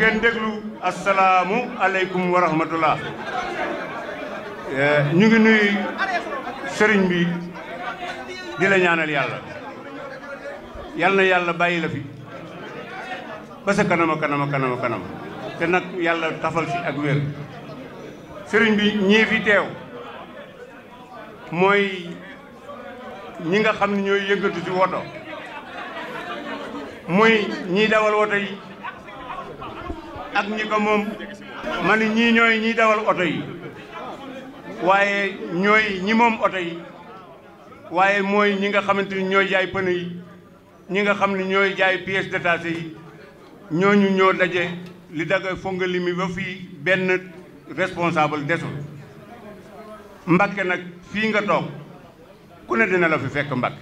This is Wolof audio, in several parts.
ngeen déglu asalaamu aleykum wa rahmatullah eh, ñu ngi nuyu sëriñ bi di la ñaanal yàlla yal na yàlla bàyyi la fi ba sa kanama kanama kanama kanama te nag yàlla tafal si ak wér sëriñ bi ñii teew mooy ñi nga xam ne ñooy yëngatu si woto muy ñiy dawal woto ak ñi ko moom ma ne ñii ñooy ñiy dawal oto yi waaye ñooy ñi moom oto yi waaye mooy ñi nga xamante ni ñooy jaay pneu yi ñi nga xam ni ñooy jaay pièces détachées yi ñu ñoo daje li daga fongali mi ba fii benn responsable desul Mbàkke nag fii nga toog ku ne dina la fi fekk Mbàkke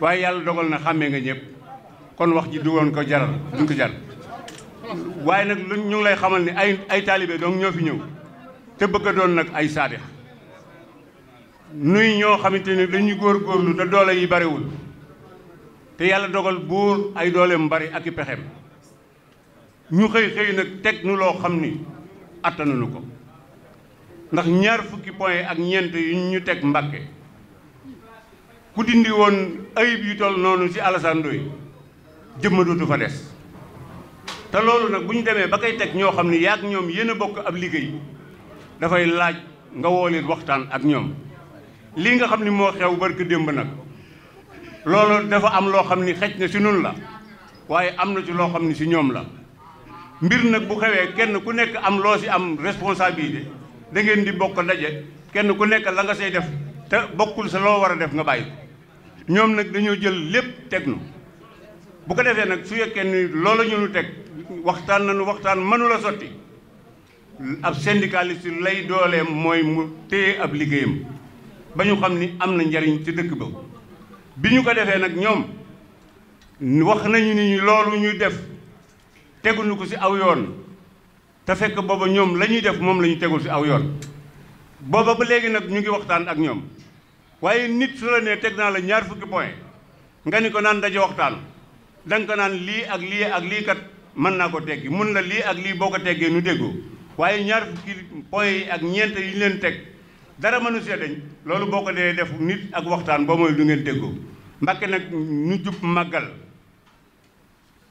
waaye yàlla dogal na xàmmee nga ñëpp kon wax ji du woon ko jaral duñ ko jaral waaye nag lu ñu lay xamal ni ay ay taalibe donc ñoo fi ñëw te bëgg a doon nag ay saadix nuy ñoo xamante ne dañuy góorgóorlu te doole yi bariwul te yàlla dogal buur ay dooleem bari ak i pexem ñu xëy xëy nag teg nu loo xam ni attanuñu ko ndax ñaar fukki point ak ñeent yu ñu teg mbàkke ku dindi woon ayib yu toll noonu ci Alassane yi jëmma dootu fa des te loolu nag bu ñu demee ba koy teg ñoo xam ne yaag ñoom yéen a bokk ab liggéey dafay laaj nga woo waxtaan ak ñoom lii nga xam ni moo xew barki démb nag loolu dafa am loo xam ni xej na si nun la waaye am na ci loo xam ne si ñoom la mbir nag bu xewee kenn ku nekk am loo ci am responsabilité da ngeen di bokk daje kenn ku nekk la nga say def te bokkul sa loo war a def nga bàyyi ñoom nag dañoo jël lépp teg nu bu ko defee nag su yekkee ni loolu ñu nu teg waxtaan na nañu waxtaan mënula sotti ab syndicaliste lay dooleem mooy mu téye ab liggéeyam ba ñu xam ni am na njariñ ci dëkk ba bi ñu ko defee nag ñoom wax nañu ni loolu ñuy def teguñu ko ci aw yoon te fekk booba ñoom la ñuy def moom la ñu tegul ci aw yoon booba ba léegi nag ñu ngi waxtaan ak ñoom waaye nit su la nee teg naa la ñaar fukki point nga ni ko naan daje waxtaan da nga naan lii ak lii ak lii kat mën naa ko teggi mun la lii ak lii boo ko teggee nu déggoo waaye ñaar fukki point ak ñeent yi leen teg dara mënu see dañ loolu boo ko dee def nit ak waxtaan boo moy du ngeen déggoo Mbàkke nag ñu jub màggal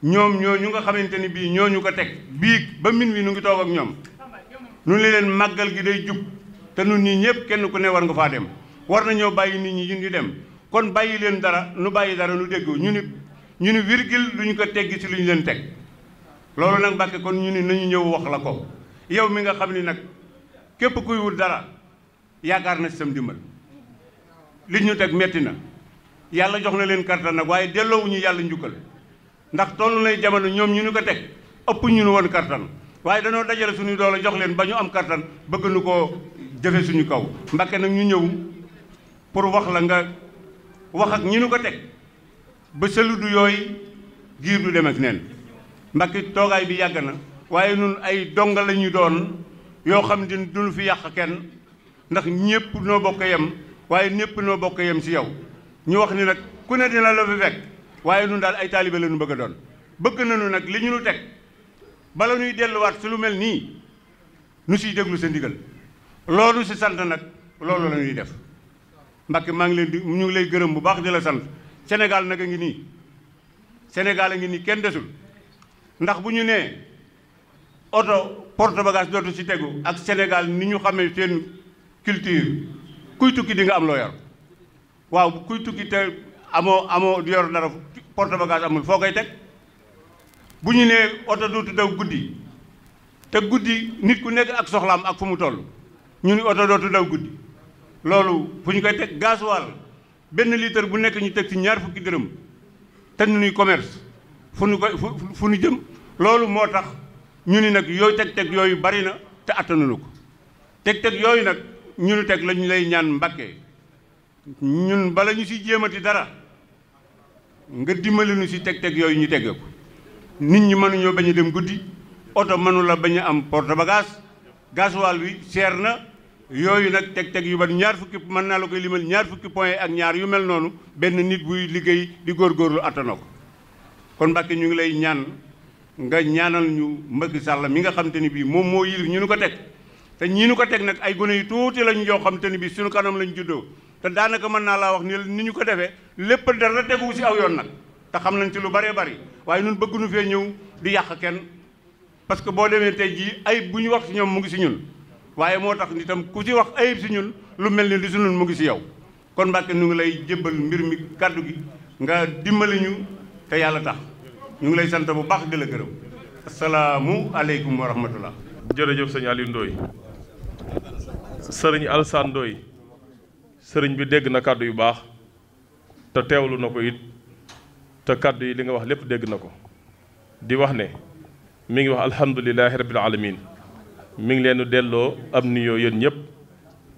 ñoom ñoo ñu nga xamante ni bii ñoo ñu ko teg bii ba min wi nu ngi toog ak ñoom nu li leen màggal gi day jub te nun ñi ñëpp kenn ku ne war nga faa dem war nañoo bàyyi nit ñi ñu dem kon bàyyi leen dara nu bàyyi dara nu ñu ñu ni virgule duñ ko teggi ci lu ñu leen teg loolu nag Mbàkke kon ñu ni nañu ñëw wax la ko yow mi nga xam ni nag képp kuy wut dara yaakaar na ci sam dimbal li ñu teg metti na yàlla jox na leen karta nag waaye delloowuñu yàlla njukkal ndax toll nay jamono ñoom ñu ñu ko teg ëpp ñu nu woon kartan waaye dañoo dajale suñu a jox leen ba ñu am kartan bëgg nu ko jëfe suñu kaw Mbàkke nag ñu ñëw pour wax la nga wax ak ñu nu ko teg ba saludu yooyu giir du dem ak neen mbakki toogaay bi yàgg na waaye nun ay donga la ñu doon yoo xam ne duñu fi yàq kenn ndax ñëpp noo bokk yem waaye ñëpp noo bokk yem si yow ñu wax ni nag ku ne dina la fi fekk waaye nun daal ay taalibe lanu bëgg a doon bëgg nañu nag li ñu nu teg bala ñuy delluwaat su lu mel nii nu siy déglu sa ndigal loolu si sant nag loolu la ñuy def mbakki maa ngi leen di ñu ngi lay gërëm bu baax di la sant Sénégal nag a ngi nii Sénégal a ngi nii kenn desul ndax bu ñu nee oto porte bagage dootu ci tegu ak Sénégal ni ñu xamee seen culture kuy tukki di nga am loo waaw kuy tukki te amoo amoo yor dara porte bagage amul foo koy teg bu ñu nee oto dootu daw guddi te guddi nit ku nekk ak soxlaam ak fu mu toll ñu ni oto dootu daw guddi loolu fu ñu koy teg gasoil benn litre bu nekk ñu teg ci ñaar fukki dërëm te nuy commerce fu nu ko fu nu jëm loolu moo tax ñu ni nag yow teg-teg yooyu bari na te attanuñu ko teg-teg yooyu nag ñu ni teg la lay ñaan mbàkkee ñun bala ñu si jéemati dara nga dimbali nu si teg-teg yooyu ñu tegge ko nit ñi mënuñoo bañ dem guddi oto mënu la bañ a am porte bagage gasoil wi seer na yooyu nag teg-teg yu bari ñaar fukki mën naa la koy limal ñaar fukki point ak ñaar yu mel noonu benn nit buy liggéey di góorgóorlu attana ko kon Mbàkke ñu ngi lay ñaan nga ñaanal ñu Macky Sall mi nga xam te ni bii moom moo yilif ñu nu ko teg te ñii nu ko teg nag ay gone yu tuuti lañ yoo xam te ni bii suñu kanam lañ juddoo te daanaka mën naa laa wax ni ni ñu ko defee lépp dara teguwu si aw yoon nag te xam nañ ci lu bëree bari waaye ñun bëgguñu fee ñëw di yàq kenn parce que boo demee tey jii ay bu ñu wax si ñoom mu ngi si ñun waaye moo tax nitam ku ci wax ayib si ñun lu mel ni li si mu ngi si yow kon Mbàkke ñu ngi lay jébbal mbir mi kàddu gi nga dimbali ñu te yàlla tax ñu ngi lay sant bu baax di la gërëm asalaamu aleykum wa rahmatullah jërëjëf sëñ Aliou Ndoye sëriñ Alsaan Ndoye sëriñ bi dégg na kàddu yu baax te teewlu na ko it te kàddu yi li nga wax lépp dégg na ko di wax ne mi ngi wax alhamdulilahi rabbil alamin mi ngi leen di delloo am nuyoo yéen ñëpp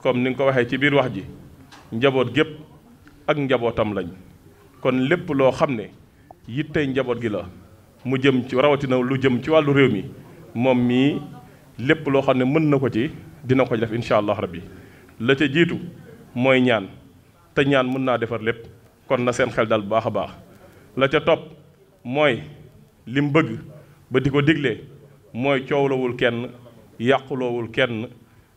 comme ni nga ko waxee ci biir wax ji njaboot gépp ak njabootam lañ kon lépp loo xam ne tey njaboot gi la mu jëm ci rawatina lu jëm ci wàllu réew mi moom mii lépp loo xam ne mën na ko ci dina ko def incha allah rabbi la ca jiitu mooy ñaan te ñaan mën naa defar lépp kon na seen xel dal bu baax a baax la ca topp mooy li mu bëgg ba di ko digle mooy coowlawul kenn. yàquloowul kenn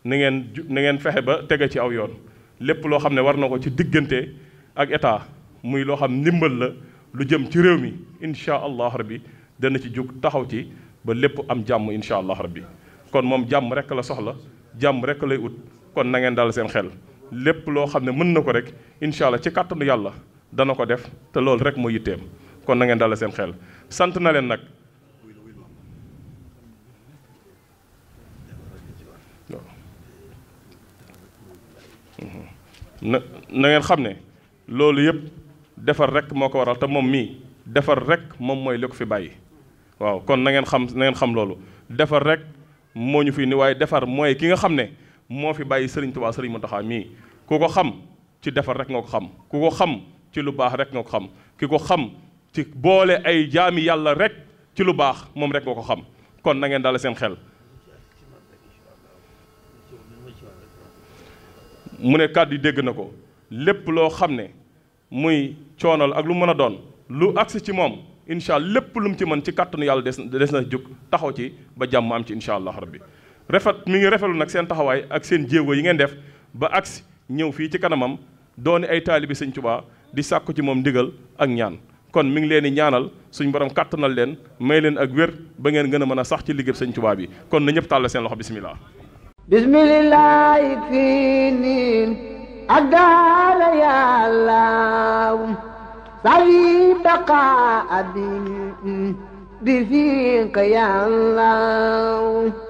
na ngeen na ngeen fexe ba tege ci aw yoon lépp loo xam ne war na ko ci diggante ak état muy loo xam ndimbal la lu jëm ci réew mi incha allah rabbi dana ci jug taxaw ci ba lépp am jàmm incha allah rabbi kon moom jàmm rek la soxla jàmm rek lay ut kon na ngeen dal seen xel lépp loo xam ne mën na ko rek incha allah ci kàttanu yàlla dana ko def te loolu rek moo yitteem kon na ngeen dal seen xel sant na leen nag. na na ngeen xam ne loolu yëpp defar rek moo ko waral te moom mii defar rek moom mooy li ko fi bàyyi waaw kon na ngeen xam na ngeen xam loolu defar rek moo ñu fi ni waaye defar mooy ki nga xam ne moo fi bàyyi Serigne Touba Serigne Mountakha mii ku ko xam ci defar rek nga ko xam ku ko xam ci lu baax rek nga ko xam ki ko xam ci boole ay jaami yàlla rek ci lu baax moom rek nga ko xam kon na ngeen dala seen xel mu ne kàddu yi dégg na ko lépp loo xam ne muy coonal ak lu mën a doon lu agsi ci moom incha lépp lu mu ci mën ci kàttanu yàlla des des na jóg taxaw ci ba jàmm am ci incha allah rabbi rafet mi ngi rafetlu nag seen taxawaay ak seen jéego yi ngeen def ba agsi ñëw fii ci kanamam dooni ay taalibi sëñ Tuubaa di sàkku ci moom ndigal ak ñaan kon mu ngi leen di ñaanal suñ borom kàttanal leen may leen ak wér ba ngeen gën a mën a sax ci liggéey sëñ Tuubaa bi kon n ñëpp tàll seen loxo bismillah bismillah fii niin ak daala yàllaaw sawi baqa abi di fiiq yàllaaw